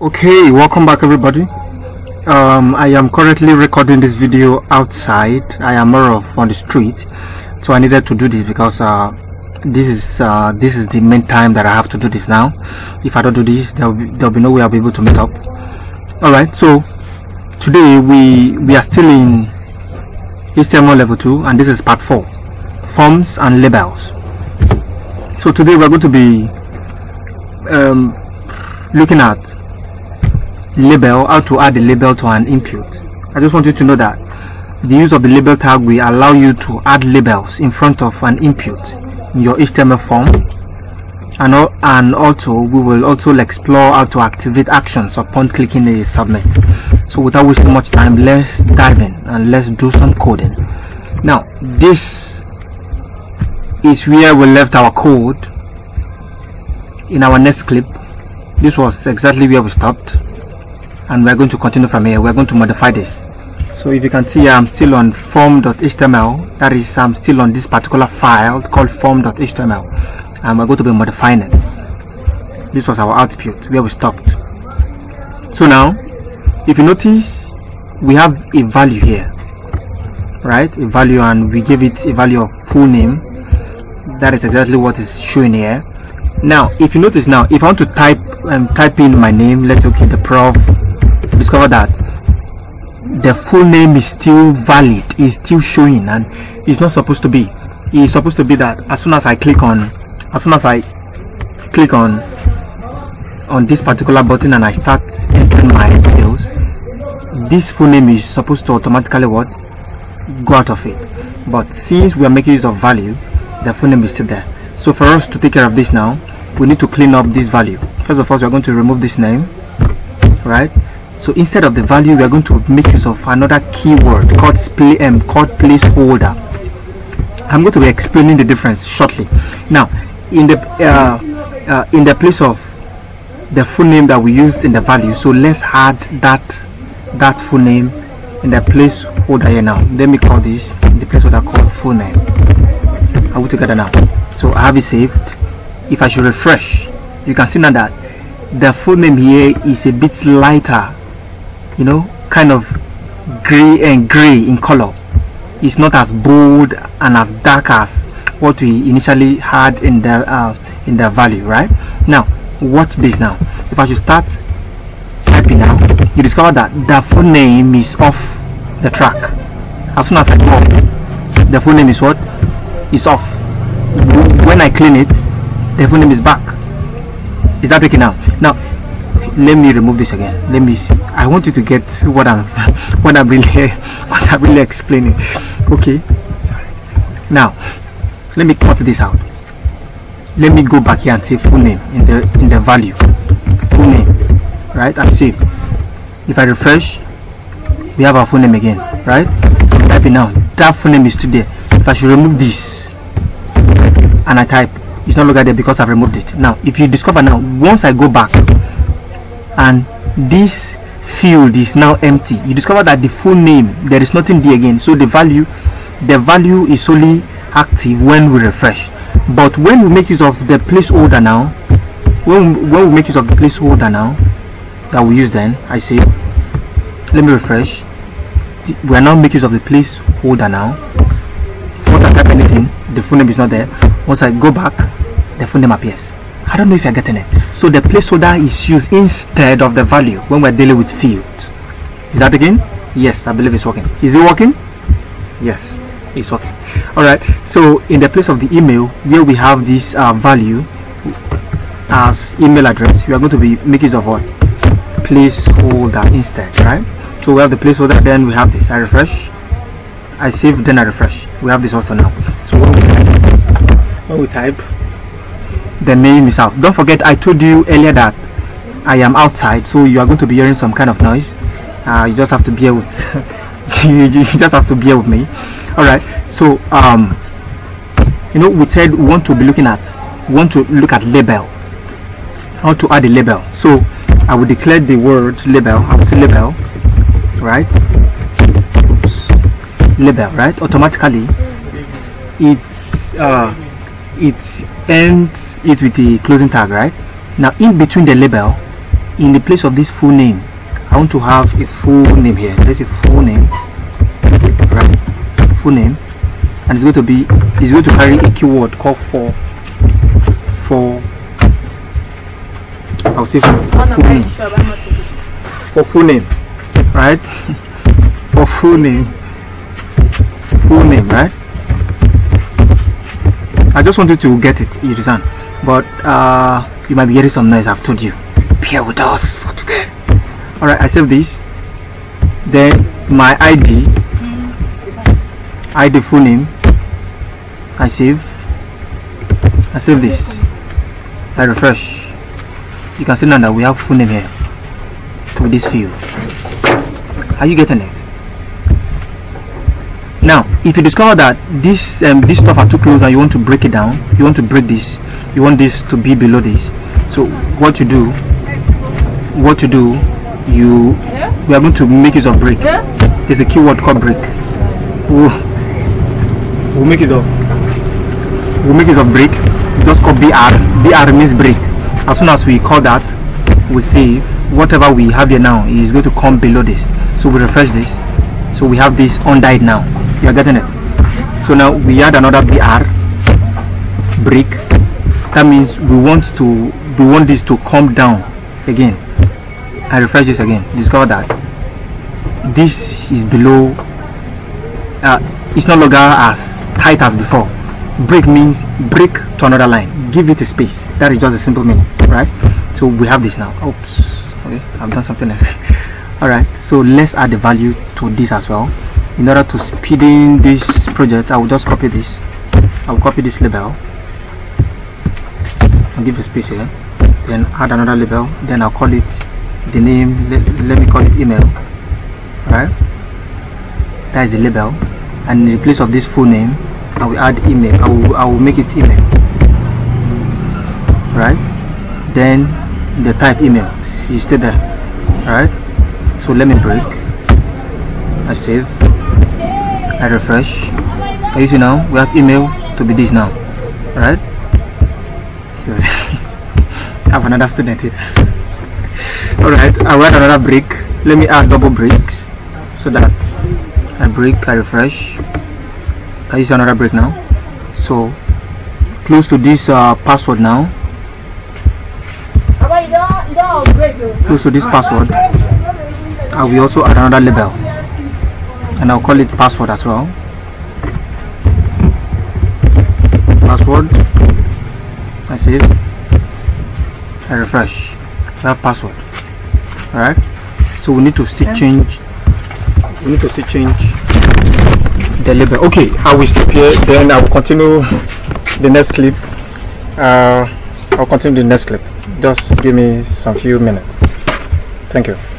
okay welcome back everybody um, i am currently recording this video outside i am more of on the street so i needed to do this because uh, this is uh, this is the main time that i have to do this now if i don't do this there'll be, there'll be no way i'll be able to meet up all right so today we we are still in html level 2 and this is part 4 forms and labels so today we're going to be um, looking at label, how to add a label to an input. I just want you to know that the use of the label tag will allow you to add labels in front of an input in your HTML form and, and also we will also explore how to activate actions upon clicking the submit. So without wasting much time, let's dive in and let's do some coding. Now this is where we left our code in our next clip. This was exactly where we stopped and we're going to continue from here. We're going to modify this. So if you can see I'm still on form.html, that is I'm still on this particular file called form.html and we're going to be modifying it. This was our output where we stopped. So now if you notice we have a value here right a value and we give it a value of full name that is exactly what is shown here now if you notice now if I want to type and um, type in my name let's okay the prof discover that the full name is still valid is still showing and it's not supposed to be it's supposed to be that as soon as i click on as soon as i click on on this particular button and i start entering my details this full name is supposed to automatically what go out of it but since we are making use of value the full name is still there so for us to take care of this now we need to clean up this value first of all we're going to remove this name right so instead of the value we are going to make use of another keyword called play, um, called placeholder i'm going to be explaining the difference shortly now in the uh, uh, in the place of the full name that we used in the value so let's add that that full name in the placeholder here now let me call this the placeholder called full name are we together now so i have it saved if i should refresh you can see now that the full name here is a bit lighter you know kind of gray and gray in color it's not as bold and as dark as what we initially had in the uh, in the value right now watch this now if I should start typing now you discover that the full name is off the track as soon as I go the full name is what is off when I clean it the full name is back is that working now now let me remove this again let me see I want you to get what I'm what I'm really what I'm really explaining. Okay. Sorry. Now, let me cut this out. Let me go back here and say full name in the in the value. Full name. Right? And save. If I refresh, we have our full name again, right? Type it typing now. That full name is still there. If I should remove this and I type, it's no longer there because I've removed it. Now, if you discover now, once I go back and this field is now empty you discover that the full name there is nothing there again so the value the value is only active when we refresh but when we make use of the placeholder now when, when we make use of the placeholder now that we use then I say let me refresh we are now make use of the placeholder now once I type anything the full name is not there once I go back the full name appears I don't know if you're getting it. So the placeholder is used instead of the value when we're dealing with fields. Is that again? Yes, I believe it's working. Is it working? Yes, it's working. All right. So in the place of the email, here we have this uh, value as email address, we are going to be make use of what placeholder instead, right? So we have the placeholder, then we have this. I refresh. I save, then I refresh. We have this also now. So when we type, when we type the name is out don't forget i told you earlier that i am outside so you are going to be hearing some kind of noise uh, you just have to bear with you, you just have to bear with me all right so um you know we said we want to be looking at want to look at label how to add a label so i will declare the word label i will say label right label right automatically it's uh it ends it with the closing tag, right? Now in between the label, in the place of this full name, I want to have a full name here. let a full name, right? Full name, and it's going to be it's going to carry a keyword called for for. I'll say for full name. For full name, right? for full name, full name, right? I just wanted to get it, you understand? But uh, you might be hearing some noise, I've told you. here with us for today. Alright, I save this. Then my ID, ID full name. I save. I save this. I refresh. You can see now that we have full name here with this field. Are you getting it? now if you discover that this um, this stuff are too close and you want to break it down you want to break this you want this to be below this so what you do what you do you we are going to make use of break there's a keyword called break we'll, we'll make use of we'll make use of break just call br br means break as soon as we call that we say whatever we have here now is going to come below this so we refresh this so we have this undyed now you're getting it? So now we add another BR brick. That means we want to we want this to come down again. I refresh this again. Discover that this is below. Uh, it's no longer as tight as before. Break means break to another line. Give it a space. That is just a simple meaning, right? So we have this now. Oops. Okay, I've done something else. All right. So let's add the value to this as well in order to speed in this project I will just copy this I'll copy this label I'll give a space here then add another label then I'll call it the name let, let me call it email right that is the label and in place of this full name I will add email I will, I will make it email right then the type email is still there right so let me break I save I refresh and you see now we have email to be this now right I have another student here all right want another break let me add double breaks so that I break I refresh I use another break now so close to this uh, password now close to this password I will also add another label and I'll call it password as well password I save I refresh that password alright so we need to still change we need to still change the label okay I will stop here then I will continue the next clip uh, I'll continue the next clip just give me some few minutes thank you